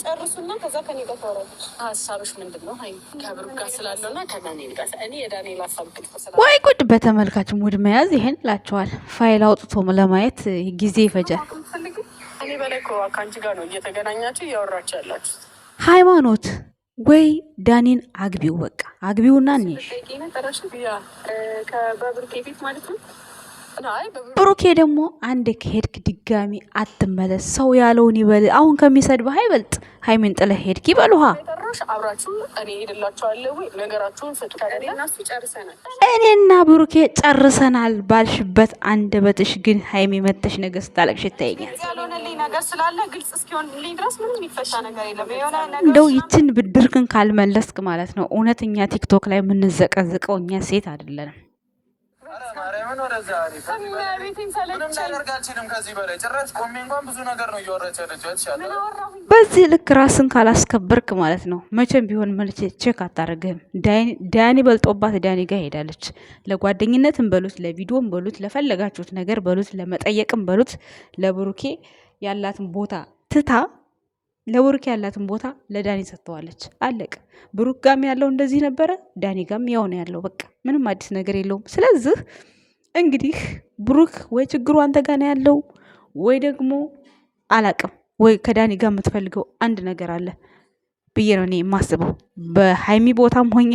ጨርሱና ከዛ ከኔ ጋር ታወራለች። ሀሳብሽ ምንድን ነው? ከብሩ ጋር ስላለው ና ከዳንኤል ጋር እኔ የዳንኤል ሀሳብ ወይ ጉድ! በተመልካች ሙድ መያዝ ይሄን ላቸዋል። ፋይል አውጥቶ ለማየት ጊዜ ይፈጃል። እኔ በላይ እኮ ከአንቺ ጋር ነው እየተገናኛችሁ እያወራችሁ ያላችሁ ሃይማኖት ወይ ዳኒን አግቢው፣ በቃ አግቢውና እኔ ከበብርኬ ቤት ማለት ነው ብሩኬ ደግሞ አንድ ከሄድክ ድጋሚ አትመለስ። ሰው ያለውን ይበል። አሁን ከሚሰድብህ አይበልጥ። ሀይሚን ጥለህ ሄድክ ይበሉሃ። እኔና ብሩኬ ጨርሰናል ባልሽበት አንደበትሽ ግን ሀይሚ መተሽ ነገር ስታለቅሽ ይታየኛል። እንደው ይችን ብድርክን ካልመለስክ ማለት ነው እውነተኛ ቲክቶክ ላይ የምንዘቀዝቀው እኛ ሴት አይደለንም። በዚህ ልክ ራስን ካላስከበርክ ማለት ነው መቼም ቢሆን መልቼ ቼክ አታደርግህም። ዳኒ በልጦባት ዳኒ ጋር ሄዳለች። ለጓደኝነትም በሉት ለቪዲዮም በሉት ለፈለጋችሁት ነገር በሉት ለመጠየቅም በሉት ለብሩኬ ያላትን ቦታ ትታ ለብሩክ ያላትን ቦታ ለዳኒ ሰጥተዋለች። አለቅ ብሩክ ጋም ያለው እንደዚህ ነበረ፣ ዳኒ ጋም ያው ነው ያለው። በቃ ምንም አዲስ ነገር የለውም። ስለዚህ እንግዲህ ብሩክ ወይ ችግሩ አንተ ጋ ነው ያለው ወይ ደግሞ አላቅም፣ ወይ ከዳኒ ጋር የምትፈልገው አንድ ነገር አለ ብዬ ነው እኔ የማስበው። በሀይሚ ቦታም ሆኜ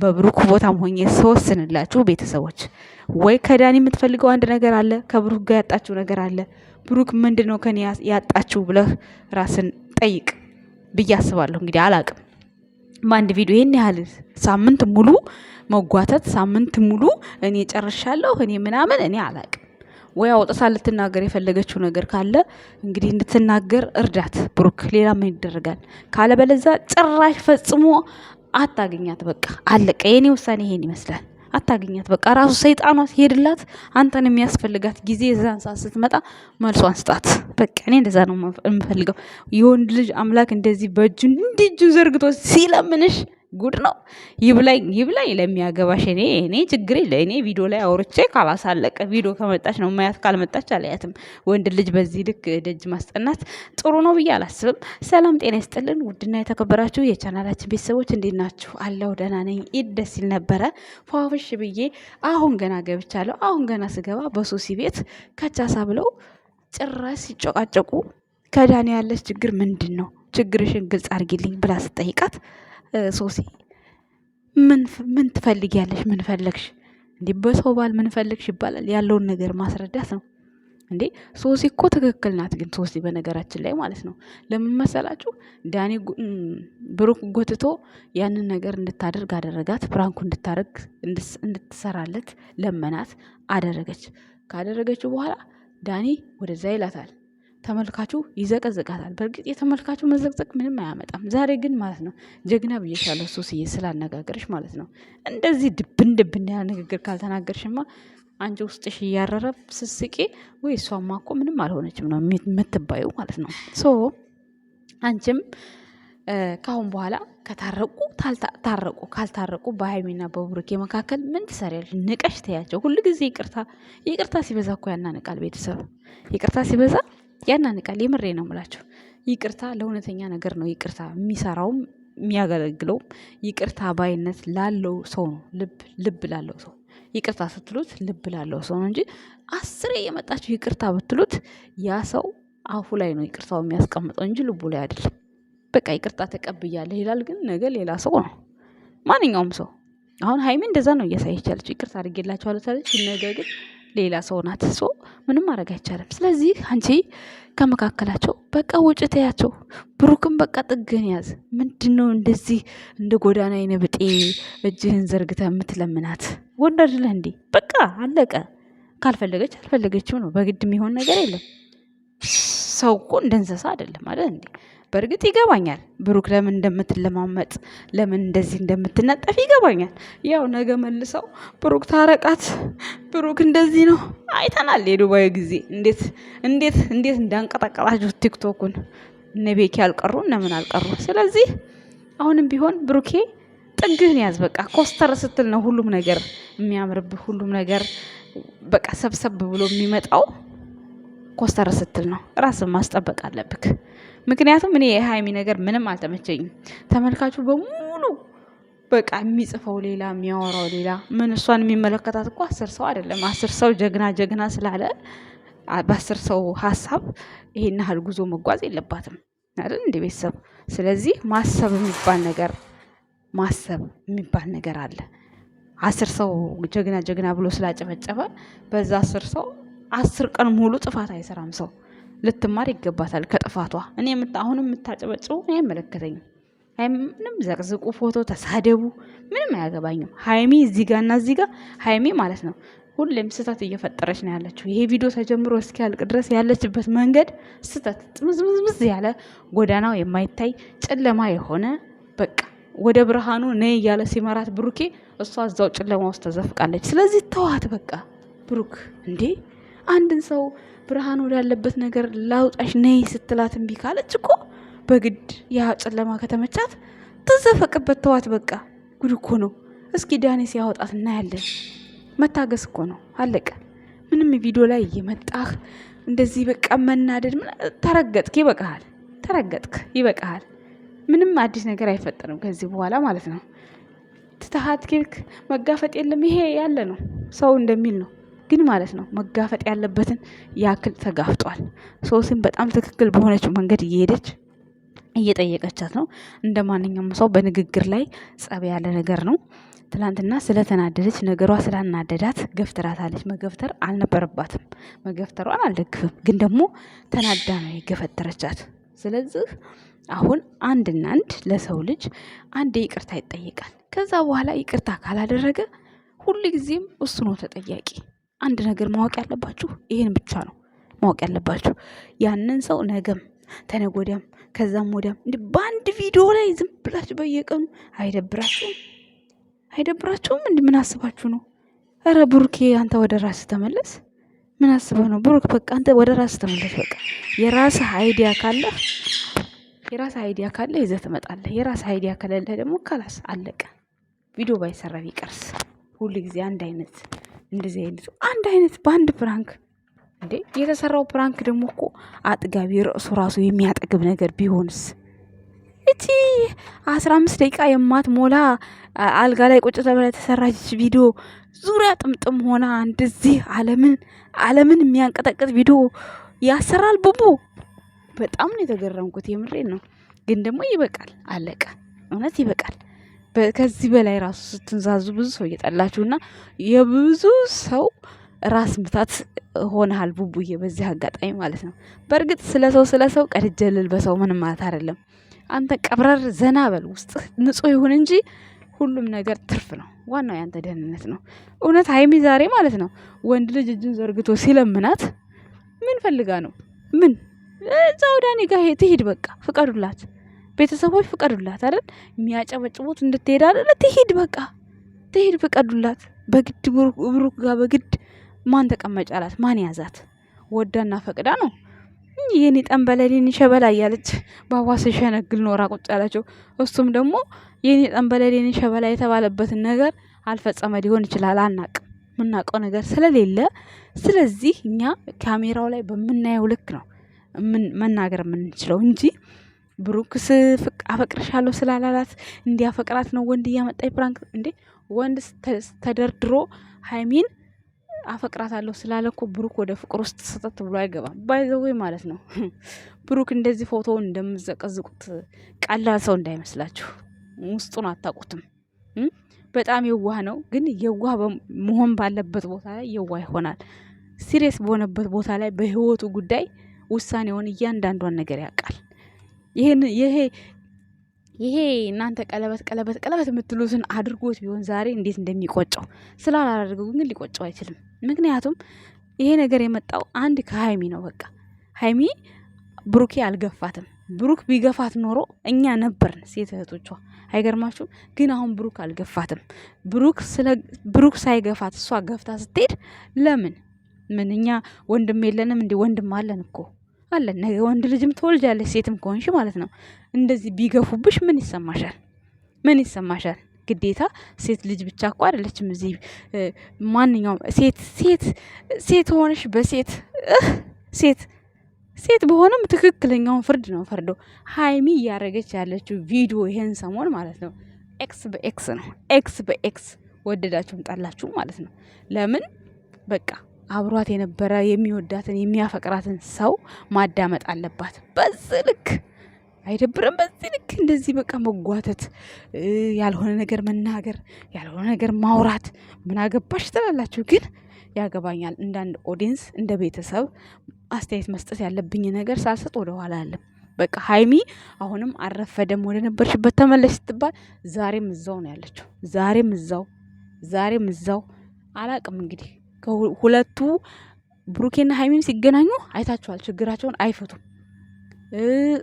በብሩክ ቦታም ሆኜ ስወስንላችሁ ቤተሰቦች፣ ወይ ከዳኒ የምትፈልገው አንድ ነገር አለ፣ ከብሩክ ጋር ያጣችው ነገር አለ ብሩክ ምንድን ነው ከኔ ያጣችው ብለህ ራስን ጠይቅ ብዬ አስባለሁ። እንግዲህ አላቅም በአንድ ቪዲዮ ይህን ያህል ሳምንት ሙሉ መጓተት፣ ሳምንት ሙሉ እኔ ጨርሻለሁ፣ እኔ ምናምን እኔ አላቅም። ወይ አውጥታ ልትናገር የፈለገችው ነገር ካለ እንግዲህ እንድትናገር እርዳት ብሩክ። ሌላ ምን ይደረጋል? ካለበለዛ ጭራሽ ፈጽሞ አታገኛት። በቃ አለቀ። የኔ ውሳኔ ይሄን ይመስላል። አታገኛት። በቃ ራሱ ሰይጣኗ ሄድላት። አንተን የሚያስፈልጋት ጊዜ እዛን ሰዓት ስትመጣ መልሷን ስጣት። በቃ እኔ እንደዛ ነው የምፈልገው። የወንድ ልጅ አምላክ እንደዚህ በእጁ እንዲህ ዘርግቶ ሲለምንሽ ጉድ ነው። ይብላኝ ይብላኝ ለሚያገባሽ እኔ እኔ ችግር የለ እኔ ቪዲዮ ላይ አውርቼ ካላሳለቀ ቪዲዮ ከመጣች ነው ማያት፣ ካልመጣች አላያትም። ወንድ ልጅ በዚህ ልክ ደጅ ማስጠናት ጥሩ ነው ብዬ አላስብም። ሰላም ጤና ይስጥልን ውድና የተከበራችሁ የቻናላችን ቤተሰቦች እንዴት ናችሁ? አለው ደህና ነኝ። ኢድ ደስ ሲል ነበረ ፏፍሽ ብዬ አሁን ገና ገብቻለሁ። አሁን ገና ስገባ በሶሲ ቤት ከቻሳ ብለው ጭራስ ሲጨቃጨቁ ከዳኒ ያለች ችግር ምንድን ነው? ችግርሽን ግልጽ አድርጊልኝ ብላ ስጠይቃት ሶሲ ምን ትፈልጊያለሽ? ምን ፈለግሽ? እንዲህ በሰው ባል ምን ፈልግሽ ይባላል። ያለውን ነገር ማስረዳት ነው እንዴ። ሶሲ እኮ ትክክል ናት። ግን ሶሲ በነገራችን ላይ ማለት ነው ለምን መሰላችሁ? ዳኒ ብሩክ ጎትቶ ያንን ነገር እንድታደርግ አደረጋት። ፕራንኩ እንድታደርግ እንድትሰራለት ለመናት፣ አደረገች። ካደረገችው በኋላ ዳኒ ወደዛ ይላታል ተመልካቹ ይዘቀዝቃታል። በእርግጥ የተመልካቹ መዘቅዘቅ ምንም አያመጣም። ዛሬ ግን ማለት ነው ጀግና ብዬሻለሁ ሶስዬ ስላነጋገርሽ ማለት ነው። እንደዚህ ድብን ድብን ያለ ንግግር ካልተናገርሽማ አንቺ ውስጥሽ እያረረ ስስቄ ወይ እሷማ እኮ ምንም አልሆነችም ነው የምትባዩ ማለት ነው። ሶ አንቺም ከአሁን በኋላ ከታረቁ ታረቁ፣ ካልታረቁ በሀይሚና በቡርኬ መካከል ምን ትሰሪያለሽ? ንቀሽ ተያቸው። ሁሉ ጊዜ ይቅርታ ይቅርታ ሲበዛ እኮ ያናንቃል። ቤተሰብ ይቅርታ ሲበዛ ያናንቃል። የምሬ ነው የምላችሁ። ይቅርታ ለእውነተኛ ነገር ነው ይቅርታ የሚሰራውም የሚያገለግለውም ይቅርታ ባይነት ላለው ሰው ነው። ልብ ልብ ላለው ሰው ይቅርታ ስትሉት ልብ ላለው ሰው ነው እንጂ አስሬ የመጣችው ይቅርታ ብትሉት ያ ሰው አፉ ላይ ነው ይቅርታው የሚያስቀምጠው እንጂ ልቡ ላይ አይደለም። በቃ ይቅርታ ተቀብያለሁ ይላል፣ ግን ነገ ሌላ ሰው ነው። ማንኛውም ሰው አሁን ሀይሜ እንደዛ ነው እያሳየቻለችው። ይቅርታ አድርጌላችኋለሁ ታለች፣ ነገ ግን ሌላ ሰው ናት። ምንም ማድረግ አይቻልም። ስለዚህ አንቺ ከመካከላቸው በቃ ውጭ ተያቸው። ብሩክም በቃ ጥግን ያዝ። ምንድን ነው እንደዚህ እንደ ጎዳና አይነ እጅህን ዘርግተ የምትለምናት ወንዳድ ለህ እንዴ? በቃ አለቀ። ካልፈለገች አልፈለገችው ነው። በግድ የሚሆን ነገር የለም። ሰው እኮ እንደ እንስሳ አይደለም ማለት እንዴ? በእርግጥ ይገባኛል ብሩክ ለምን እንደምትለማመጥ ለምን እንደዚህ እንደምትነጠፍ ይገባኛል። ያው ነገ መልሰው ብሩክ ታረቃት፣ ብሩክ እንደዚህ ነው አይተናል። የዱባዩ ጊዜ እንዴት እንዴት እንዴት እንዳንቀጠቀጣችሁ ቲክቶኩን እነ ቤኪ አልቀሩ እነምን አልቀሩ። ስለዚህ አሁንም ቢሆን ብሩኬ ጥግህን ያዝ። በቃ ኮስተር ስትል ነው ሁሉም ነገር የሚያምርብህ፣ ሁሉም ነገር በቃ ሰብሰብ ብሎ የሚመጣው ኮስተር ስትል ነው። ራስን ማስጠበቅ አለብህ። ምክንያቱም እኔ የሀይሚ ነገር ምንም አልተመቸኝም። ተመልካቹ በሙሉ በቃ የሚጽፈው ሌላ፣ የሚያወራው ሌላ። ምን እሷን የሚመለከታት እኮ አስር ሰው አይደለም። አስር ሰው ጀግና ጀግና ስላለ በአስር ሰው ሀሳብ ይሄን ያህል ጉዞ መጓዝ የለባትም አይደል እንደ ቤተሰብ። ስለዚህ ማሰብ የሚባል ነገር ማሰብ የሚባል ነገር አለ። አስር ሰው ጀግና ጀግና ብሎ ስላጨበጨበ በዛ አስር ሰው አስር ቀን ሙሉ ጥፋት አይሰራም ሰው ልትማር ይገባታል ከጥፋቷ። እኔ አሁንም የምታጨበጭቡ እኔ አይመለከተኝም። ምንም ዘቅዝቁ፣ ፎቶ ተሳደቡ፣ ምንም አያገባኝም። ሀይሚ እዚህ ጋ እና እዚህ ጋ ሀይሚ ማለት ነው ሁሌም ስህተት እየፈጠረች ነው ያለችው። ይሄ ቪዲዮ ተጀምሮ እስኪያልቅ ድረስ ያለችበት መንገድ ስህተት ጥምዝምዝምዝ ያለ ጎዳናው የማይታይ ጨለማ የሆነ በቃ ወደ ብርሃኑ ነይ እያለ ሲመራት ብሩኬ፣ እሷ እዛው ጨለማ ውስጥ ተዘፍቃለች። ስለዚህ ተዋት በቃ ብሩክ እንዴ አንድን ሰው ብርሃን ወዳለበት ነገር ላውጣሽ ነይ ስትላት እምቢ ካለች እኮ በግድ ያ ጨለማ ከተመቻት ትዘፈቅበት፣ ተዋት በቃ። ጉድ እኮ ነው። እስኪ ዳኔ ሲያወጣት እናያለን። መታገስ እኮ ነው፣ አለቀ። ምንም ቪዲዮ ላይ እየመጣህ እንደዚህ በቃ መናደድ ተረገጥክ፣ ይበቃሃል። ተረገጥክ፣ ይበቃሃል። ምንም አዲስ ነገር አይፈጠርም ከዚህ በኋላ ማለት ነው። ትተሃት ኬልክ መጋፈጥ የለም። ይሄ ያለ ነው፣ ሰው እንደሚል ነው። ግን ማለት ነው መጋፈጥ ያለበትን ያክል ተጋፍጧል። ሶሲም በጣም ትክክል በሆነችው መንገድ እየሄደች እየጠየቀቻት ነው። እንደ ማንኛውም ሰው በንግግር ላይ ጸብ ያለ ነገር ነው። ትላንትና ስለተናደደች ነገሯ ስላናደዳት ገፍትራታለች። መገፍተር አልነበረባትም። መገፍተሯን አልደግፍም፣ ግን ደግሞ ተናዳ ነው የገፈተረቻት። ስለዚህ አሁን አንድና አንድ ለሰው ልጅ አንዴ ይቅርታ ይጠይቃል። ከዛ በኋላ ይቅርታ ካላደረገ ጊዜም እሱ ነው ተጠያቂ። አንድ ነገር ማወቅ ያለባችሁ ይሄን ብቻ ነው ማወቅ ያለባችሁ። ያንን ሰው ነገም ተነጎዳም ከዛም ወዲያም እንዲ በአንድ ቪዲዮ ላይ ዝም ብላችሁ በየቀኑ አይደብራችሁም? አይደብራችሁም? እንዲ ምን አስባችሁ ነው? ኧረ ብሩኬ አንተ ወደ ራስ ተመለስ። ምን አስበ ነው ብሩክ? በቃ አንተ ወደ ራስ ተመለስ። በቃ የራስ አይዲያ ካለ የራስ አይዲያ ካለ ይዘህ ትመጣለህ። የራስ አይዲያ ከሌለ ደግሞ ካላስ አለቀ። ቪዲዮ ባይሰራ ቢቀርስ ሁሉ ጊዜ አንድ አይነት እንደዚህ አይነት አንድ አይነት በአንድ ፕራንክ እንዴ የተሰራው ፕራንክ ደግሞ እኮ አጥጋቢ ርዕሱ ራሱ የሚያጠግብ ነገር ቢሆንስ እቺ አስራ አምስት ደቂቃ ሞላ አልጋ ላይ ቁጭ ተብላ የተሰራች ቪዲዮ ዙሪያ ጥምጥም ሆና እንደዚህ አለምን አለምን የሚያንቀጠቅጥ ቪዲዮ ያሰራል ቡቡ። በጣም ነው የተገረምኩት። የምሬ ነው። ግን ደግሞ ይበቃል። አለቀ። እውነት ይበቃል። ከዚህ በላይ ራሱ ስትንዛዙ ብዙ ሰው እየጠላችሁ እና የብዙ ሰው ራስ ምታት ሆነሃል ቡቡዬ፣ በዚህ አጋጣሚ ማለት ነው። በእርግጥ ስለ ሰው ስለ ሰው ቀድጀልል በሰው ምንም ማለት አይደለም። አንተ ቀብረር ዘና በል፣ ውስጥ ንጹህ ይሁን እንጂ ሁሉም ነገር ትርፍ ነው። ዋናው ያንተ ደህንነት ነው። እውነት ሀይሚ ዛሬ ማለት ነው ወንድ ልጅ እጅን ዘርግቶ ሲለምናት ምን ፈልጋ ነው? ምን እዛው ዳኔ ጋር ትሂድ፣ በቃ ፍቀዱላት። ቤተሰቦች ፍቀዱላት አይደል? የሚያጨበጭቡት እንድትሄድ አይደል? ትሄድ፣ በቃ ትሄድ፣ ፍቀዱላት። በግድ ብሩክ ጋር በግድ ማን ተቀመጫ አላት? ማን ያዛት? ወዳና ፈቅዳ ነው። የኔ ጠንበለል ሸበላ እያለች ባዋስ ሸነግል ኖራ ቁጭ ያላቸው። እሱም ደግሞ የኔ ጠንበለል የኔ ሸበላ የተባለበትን ነገር አልፈጸመ ሊሆን ይችላል። አናቅ የምናውቀው ነገር ስለሌለ፣ ስለዚህ እኛ ካሜራው ላይ በምናየው ልክ ነው መናገር የምንችለው እንጂ ብሩክስ አፈቅርሻለሁ ስላላላት እንዲያፈቅራት ነው ወንድ እያመጣ ፕራንክ እንዴ? ወንድ ተደርድሮ ሀይሚን አፈቅራታለሁ ስላለ እኮ ብሩክ ወደ ፍቅር ውስጥ ሰጠት ብሎ አይገባም። ባይዘዌ ማለት ነው። ብሩክ እንደዚህ ፎቶውን እንደምዘቀዝቁት ቀላል ሰው እንዳይመስላችሁ። ውስጡን አታውቁትም። በጣም የዋህ ነው፣ ግን የዋህ መሆን ባለበት ቦታ ላይ የዋህ ይሆናል። ሲሪየስ በሆነበት ቦታ ላይ በህይወቱ ጉዳይ ውሳኔውን እያንዳንዷን ነገር ያውቃል። ይሄን ይሄ ይሄ እናንተ ቀለበት ቀለበት ቀለበት የምትሉትን አድርጎት ቢሆን ዛሬ እንዴት እንደሚቆጨው ስላላደረገው ግን ሊቆጨው አይችልም። ምክንያቱም ይሄ ነገር የመጣው አንድ ከሀይሚ ነው። በቃ ሀይሚ ብሩኬ አልገፋትም። ብሩክ ቢገፋት ኖሮ እኛ ነበርን ሴት እህቶቿ። አይገርማችሁም? ግን አሁን ብሩክ አልገፋትም። ብሩክ ስለ ብሩክ ሳይገፋት እሷ ገፍታ ስትሄድ ለምን ምን እኛ ወንድም የለንም እንዴ? ወንድም አለን እኮ አለን። ነገ ወንድ ልጅም ትወልጃለሽ፣ ሴትም ከሆንሽ ማለት ነው። እንደዚህ ቢገፉብሽ ምን ይሰማሻል? ምን ይሰማሻል? ግዴታ ሴት ልጅ ብቻ እኮ አይደለችም። እዚህ ማንኛውም ሴት ሴት ሴት ሆነሽ በሴት ሴት ሴት በሆነም ትክክለኛውን ፍርድ ነው ፈርዶ ሀይሚ እያደረገች ያለችው ቪዲዮ ይሄን ሰሞን ማለት ነው ኤክስ በኤክስ ነው ኤክስ በኤክስ ወደዳችሁም ጠላችሁም ማለት ነው። ለምን በቃ አብሯት የነበረ የሚወዳትን የሚያፈቅራትን ሰው ማዳመጥ አለባት። በዚህ ልክ አይደብርም? በዚህ ልክ እንደዚህ በቃ መጓተት፣ ያልሆነ ነገር መናገር፣ ያልሆነ ነገር ማውራት ምን አገባሽ ትላላችሁ። ግን ያገባኛል እንዳንድ ኦዲንስ እንደ ቤተሰብ አስተያየት መስጠት ያለብኝ ነገር ሳልሰጥ ወደኋላ አለም። በቃ ሀይሚ አሁንም አረፈደም ወደ ነበርሽበት ተመለሽ ስትባል ዛሬም እዛው ነው ያለችው። ዛሬም እዛው ዛሬም እዛው አላቅም እንግዲህ ከሁለቱ ብሩኬና ሀይሚም ሲገናኙ አይታችኋል። ችግራቸውን አይፈቱም።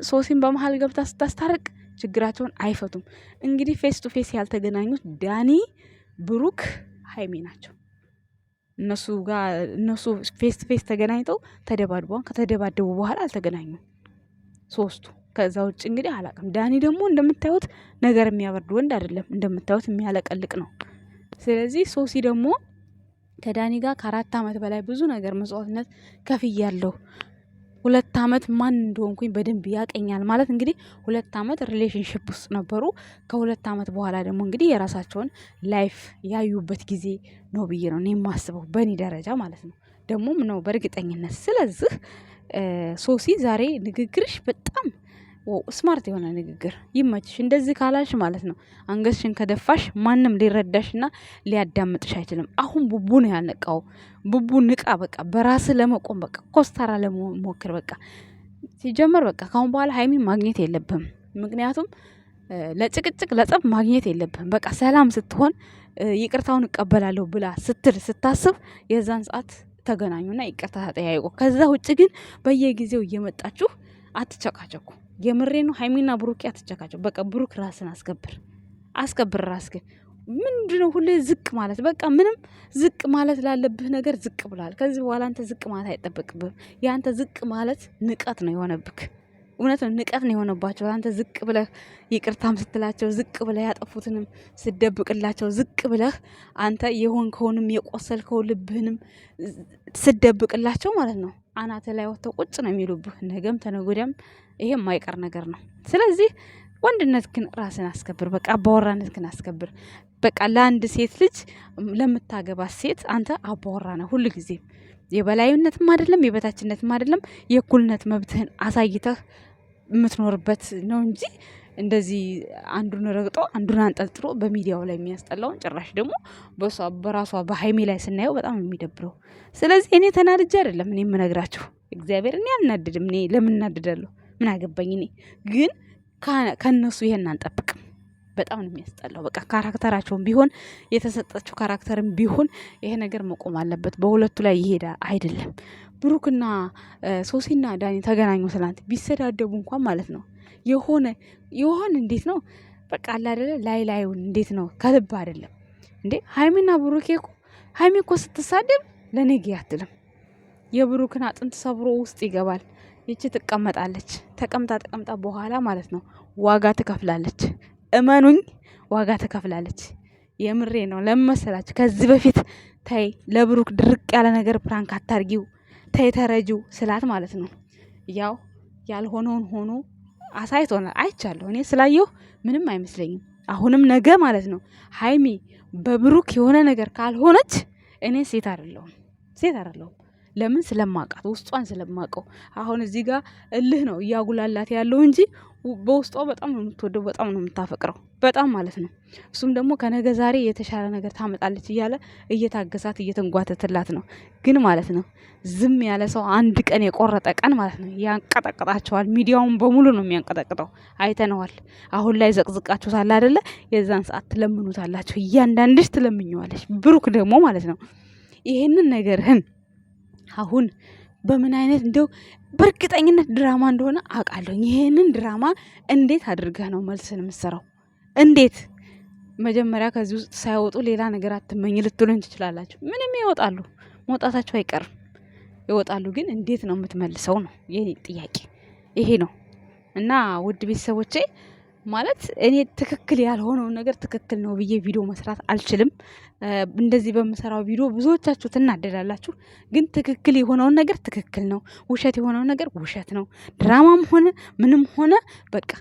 ሶሲም በመሀል ገብታ ስታስታርቅ ችግራቸውን አይፈቱም። እንግዲህ ፌስ ቱ ፌስ ያልተገናኙት ዳኒ፣ ብሩክ፣ ሀይሚ ናቸው። እነሱ ጋር እነሱ ፌስ ቱ ፌስ ተገናኝተው ተደባድበዋል። ከተደባደቡ በኋላ አልተገናኙም ሶስቱ። ከዛ ውጭ እንግዲህ አላቅም። ዳኒ ደግሞ እንደምታዩት ነገር የሚያበርድ ወንድ አይደለም፣ እንደምታዩት የሚያለቀልቅ ነው። ስለዚህ ሶሲ ደግሞ ከዳኒ ጋር ከአራት ዓመት በላይ ብዙ ነገር መስዋዕትነት ከፍያለሁ። ሁለት ዓመት ማን እንደሆንኩኝ በደንብ ያቀኛል ማለት እንግዲህ ሁለት ዓመት ሪሌሽንሽፕ ውስጥ ነበሩ። ከሁለት ዓመት በኋላ ደግሞ እንግዲህ የራሳቸውን ላይፍ ያዩበት ጊዜ ነው ብዬ ነው እኔ የማስበው በእኔ ደረጃ ማለት ነው። ደግሞም ነው በእርግጠኝነት። ስለዚህ ሶሲ ዛሬ ንግግርሽ በጣም ስማርት የሆነ ንግግር ይመችሽ። እንደዚህ ካላልሽ ማለት ነው አንገትሽን ከደፋሽ ማንም ሊረዳሽና ሊያዳምጥሽ አይችልም። አሁን ቡቡ ነው ያልነቃው። ቡቡ ንቃ። በቃ በራስ ለመቆም በቃ ኮስታራ ለመሞክር በቃ ሲጀመር በቃ ካሁን በኋላ ሀይሚ ማግኘት የለብም። ምክንያቱም ለጭቅጭቅ ለጸብ ማግኘት የለብህም። በቃ ሰላም ስትሆን ይቅርታውን እቀበላለሁ ብላ ስትል ስታስብ የዛን ሰዓት ተገናኙና ይቅርታ ተጠያይቆ ከዛ ውጭ ግን በየጊዜው እየመጣችሁ አትጨቃጨቁ። የምሬ ነው። ሀይሚና ብሩኬ አትጨቃጨቁ። በቃ ብሩክ ራስን አስከብር፣ አስከብር ራስህን። ምንድነው ሁሌ ዝቅ ማለት? በቃ ምንም ዝቅ ማለት ላለብህ ነገር ዝቅ ብላል። ከዚህ በኋላ አንተ ዝቅ ማለት አይጠበቅብህም። የአንተ ዝቅ ማለት ንቀት ነው የሆነብክ። እውነት ነው፣ ንቀት ነው የሆነባቸው። አንተ ዝቅ ብለህ ይቅርታም ስትላቸው ዝቅ ብለህ ያጠፉትንም ስደብቅላቸው ዝቅ ብለህ አንተ የሆንከውንም የቆሰልከው ልብህንም ስደብቅላቸው ማለት ነው አናተ ላይ ወጥተው ቁጭ ነው የሚሉብህ ነገም ተነጎዳም። ይሄ የማይቀር ነገር ነው። ስለዚህ ወንድነት ግን ራስን አስከብር። በቃ አባወራነት ግን አስከብር። በቃ ለአንድ ሴት ልጅ ለምታገባት ሴት አንተ አባወራ ነው ሁሉ ጊዜም የበላይነትም አይደለም የበታችነትም አይደለም። የእኩልነት መብትህን አሳይተህ የምትኖርበት ነው እንጂ እንደዚህ አንዱን ረግጦ አንዱን አንጠልጥሎ በሚዲያው ላይ የሚያስጠላውን ጭራሽ ደግሞ በሷ በራሷ በሀይሜ ላይ ስናየው በጣም የሚደብረው። ስለዚህ እኔ ተናድጄ አይደለም እኔ የምነግራችሁ እግዚአብሔር፣ እኔ አልናድድም። እኔ ለምን እናድዳለሁ? ምን አገባኝ እኔ። ግን ከእነሱ ይሄን አንጠብቅም። በጣም ነው የሚያስጠላው። በቃ ካራክተራቸውም ቢሆን የተሰጠችው ካራክተርም ቢሆን ይሄ ነገር መቆም አለበት። በሁለቱ ላይ ይሄዳ አይደለም ብሩክና ሶሲና ዳኒ ተገናኙ ትላንት ቢሰዳደቡ እንኳን ማለት ነው የሆነ የሆን እንዴት ነው በቃ አላደለ ላይ ላዩን እንዴት ነው ከልብ አይደለም እንዴ ሀይሚና ብሩኬ እኮ ሀይሚ እኮ ስትሳደብ ለኔጌ አትልም የብሩክን አጥንት ሰብሮ ውስጥ ይገባል ይቺ ትቀመጣለች ተቀምጣ ተቀምጣ በኋላ ማለት ነው ዋጋ ትከፍላለች እመኑኝ ዋጋ ትከፍላለች የምሬ ነው ለመሰላችሁ ከዚህ በፊት ታይ ለብሩክ ድርቅ ያለ ነገር ፕራንክ አታርጊው ተይተረጁ ስላት ማለት ነው። ያው ያልሆነውን ሆኖ አሳይቶናል። አይቻለሁ እኔ ስላየሁ ምንም አይመስለኝም። አሁንም ነገ ማለት ነው ሀይሚ በብሩክ የሆነ ነገር ካልሆነች እኔ ሴት አይደለሁም፣ ሴት አይደለሁም። ለምን ስለማውቃት ውስጧን ስለማውቀው። አሁን እዚህ ጋር እልህ ነው እያጉላላት ያለው እንጂ በውስጧ በጣም ነው የምትወደው፣ በጣም ነው የምታፈቅረው፣ በጣም ማለት ነው። እሱም ደግሞ ከነገ ዛሬ የተሻለ ነገር ታመጣለች እያለ እየታገሳት እየተንጓተትላት ነው። ግን ማለት ነው ዝም ያለ ሰው አንድ ቀን የቆረጠ ቀን ማለት ነው ያንቀጠቅጣቸዋል። ሚዲያውን በሙሉ ነው የሚያንቀጠቅጠው፣ አይተነዋል። አሁን ላይ ዘቅዝቃችሁታል አይደለ? የዛን ሰዓት ትለምኑታላቸው እያንዳንድሽ ትለምኘዋለች። ብሩክ ደግሞ ማለት ነው ይሄንን ነገርህን አሁን በምን አይነት እንደው በእርግጠኝነት ድራማ እንደሆነ አውቃለሁ ይሄንን ድራማ እንዴት አድርገህ ነው መልስን የምትሰራው? እንዴት መጀመሪያ ከዚህ ውስጥ ሳይወጡ ሌላ ነገር አትመኝ ልትሉኝ ትችላላችሁ። ምንም ይወጣሉ፣ መውጣታቸው አይቀርም ይወጣሉ። ግን እንዴት ነው የምትመልሰው ነው የኔ ጥያቄ፣ ይሄ ነው እና ውድ ቤተሰቦቼ ማለት እኔ ትክክል ያልሆነውን ነገር ትክክል ነው ብዬ ቪዲዮ መስራት አልችልም። እንደዚህ በምሰራው ቪዲዮ ብዙዎቻችሁ ትናደዳላችሁ። ግን ትክክል የሆነውን ነገር ትክክል ነው፣ ውሸት የሆነውን ነገር ውሸት ነው። ድራማም ሆነ ምንም ሆነ በቃ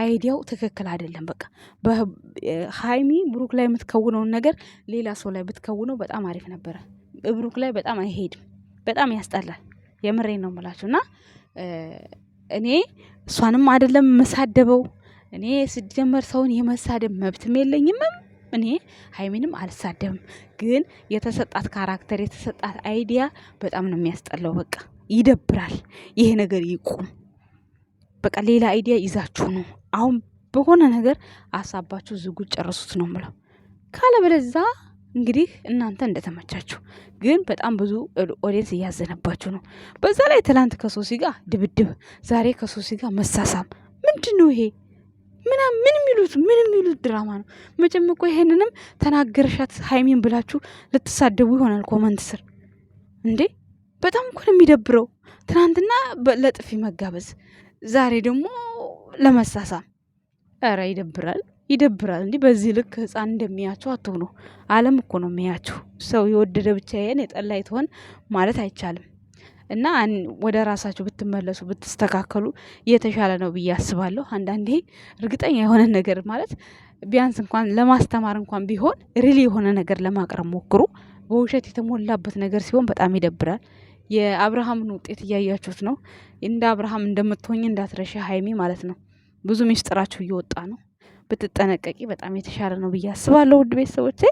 አይዲያው ትክክል አይደለም። በቃ ሀይሚ ብሩክ ላይ የምትከውነውን ነገር ሌላ ሰው ላይ ብትከውነው በጣም አሪፍ ነበረ። ብሩክ ላይ በጣም አይሄድም፣ በጣም ያስጠላል። የምሬ ነው የምላችሁ እና እኔ እሷንም አይደለም መሳደበው እኔ ስጀመር ሰውን የመሳደብ መብትም የለኝምም። እኔ ሀይሚንም አልሳደብም። ግን የተሰጣት ካራክተር የተሰጣት አይዲያ በጣም ነው የሚያስጠላው። በቃ ይደብራል። ይሄ ነገር ይቁም። በቃ ሌላ አይዲያ ይዛችሁ ነው አሁን በሆነ ነገር አሳባችሁ ዝጉ ጨርሱት ነው ምለው። ካለበለዛ እንግዲህ እናንተ እንደተመቻችሁ። ግን በጣም ብዙ ኦዲየንስ እያዘነባችሁ ነው። በዛ ላይ ትላንት ከሶሲ ጋር ድብድብ፣ ዛሬ ከሶሲ ጋር መሳሳም ምንድን ነው ይሄ? ምና ምን የሚሉት ምን የሚሉት ድራማ ነው። መቼም እኮ ይሄንንም ተናገርሻት ሀይሚን ብላችሁ ልትሳደቡ ይሆናል ኮመንት ስር እንዴ። በጣም እኮ ነው የሚደብረው። ትናንትና ለጥፊ መጋበዝ፣ ዛሬ ደግሞ ለመሳሳም። ኧረ ይደብራል ይደብራል እንዲህ በዚህ ልክ ህፃን እንደሚያችሁ አትሆኑ። አለም እኮ ነው የሚያችሁ። ሰው የወደደ ብቻ ይሄን የጠላ ይትሆን ማለት አይቻልም። እና ወደ ራሳችሁ ብትመለሱ ብትስተካከሉ የተሻለ ነው ብዬ አስባለሁ። አንዳንዴ እርግጠኛ የሆነ ነገር ማለት ቢያንስ እንኳን ለማስተማር እንኳን ቢሆን ሪሊ የሆነ ነገር ለማቅረብ ሞክሩ። በውሸት የተሞላበት ነገር ሲሆን በጣም ይደብራል። የአብርሃምን ውጤት እያያችሁት ነው። እንደ አብርሃም እንደምትሆኝ እንዳትረሽ ሀይሚ ማለት ነው። ብዙ ሚስጥራችሁ እየወጣ ነው። ብትጠነቀቂ በጣም የተሻለ ነው ብዬ አስባለሁ። ውድ ቤተሰቦቼ